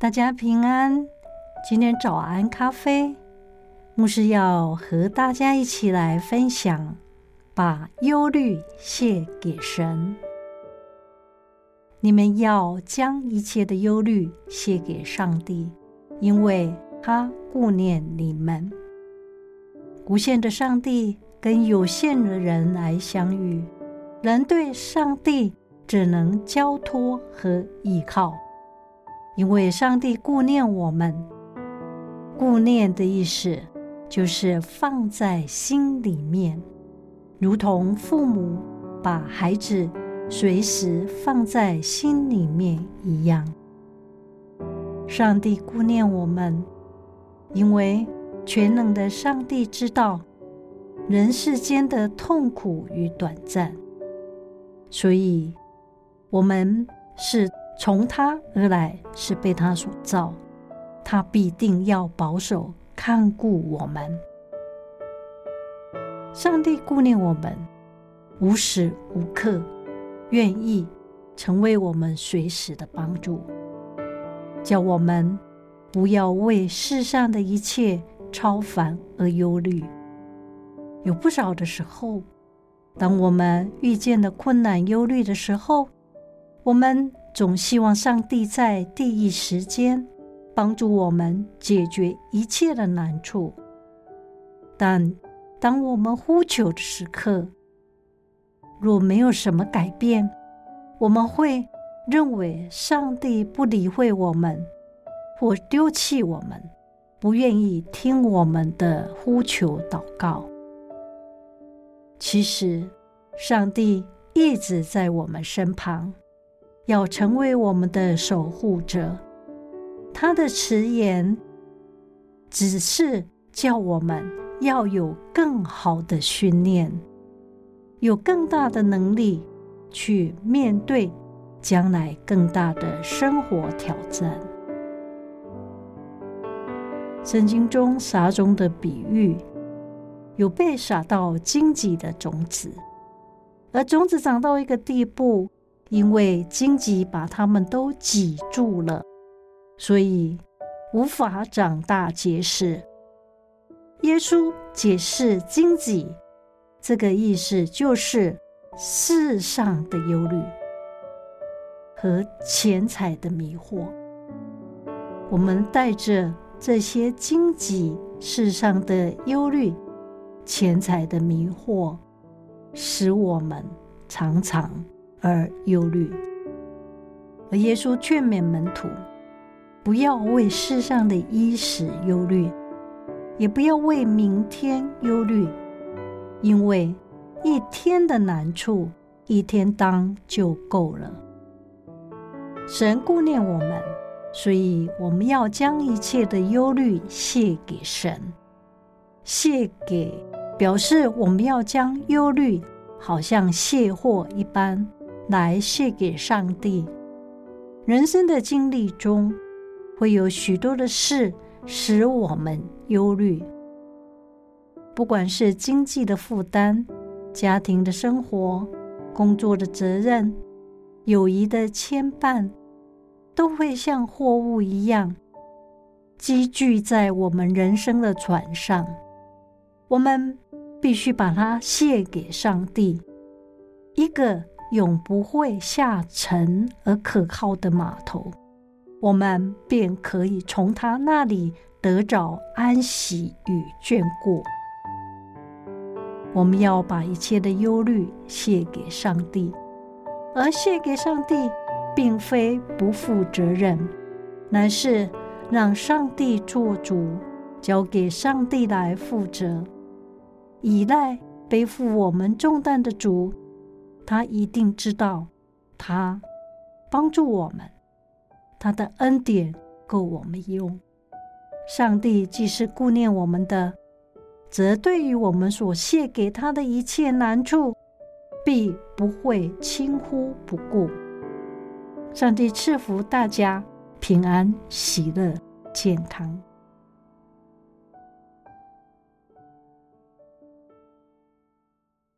大家平安，今天早安咖啡，牧師要和大家一起來分享：把憂慮卸給神。你們要將一切的憂慮卸給上帝，因為他顧念你們。無限的上帝跟有限的人來相遇，人對上帝只能交托和依靠。因為上帝顧念我們，顧念的意思就是放在心裡面，如同父母把孩子隨時放在心裡面一樣。上帝顧念我們，因為全能的上帝知道人世間的痛苦與短暫，所以我們是。從他而來是被他所造，他必定要保守看顧我們。上帝顧念我們，無時無刻願意成為我們隨時的幫助，叫我們不要為世上的一切操煩而憂慮。有不少的時候，當我們遇見了困難、憂慮的時候，我們。總希望上帝在第一時間幫助我們解決一切的難處，但當我們呼求的時刻，若沒有什麼改變，我們會認為上帝不理會我們，或丟棄我們，不願意聽我們的呼求禱告。其實，上帝一直在我們身旁。要成為我們的守護者，他的辭言只是叫我們要有更好的訓練，有更大的能力去面對將來更大的生活挑戰。聖經中撒種的比喻，有被撒到荊棘的種子，而種子長到一個地步。因為荊棘把他們都擠住了，所以無法長大結實。耶穌解釋荊棘這個意思，就是世上的憂慮和錢財的迷惑。我們帶着這些荊棘、世上的憂慮、錢財的迷惑，使我們常常。而憂慮，而耶穌勸勉門徒，不要為世上的衣食憂慮，也不要為明天憂慮，因為一天的難處一天當就夠了。神顧念我們，所以我們要將一切的憂慮卸給神，卸給表示我們要將憂慮好像卸貨一般。來卸給上帝。人生的經歷中，會有許多的事使我們憂慮，不管是經濟的負擔、家庭的生活、工作的責任、友誼的牽絆，都會像貨物一樣積聚在我們人生的船上。我們必須把它卸給上帝。一個。永不會下沉而可靠的碼頭，我們便可以從他那裡得着安息與眷顧。我們要把一切的憂慮卸給上帝，而卸給上帝，並非不負責任，乃是讓上帝做主，交給上帝來負責，依賴背負我們重擔的主。他一定知道，他幫助我們，他的恩典夠我們用。上帝既是顧念我們的，則對於我們所卸給他的一切難處，必不會輕忽不顧。上帝賜福大家平安、喜樂、健康。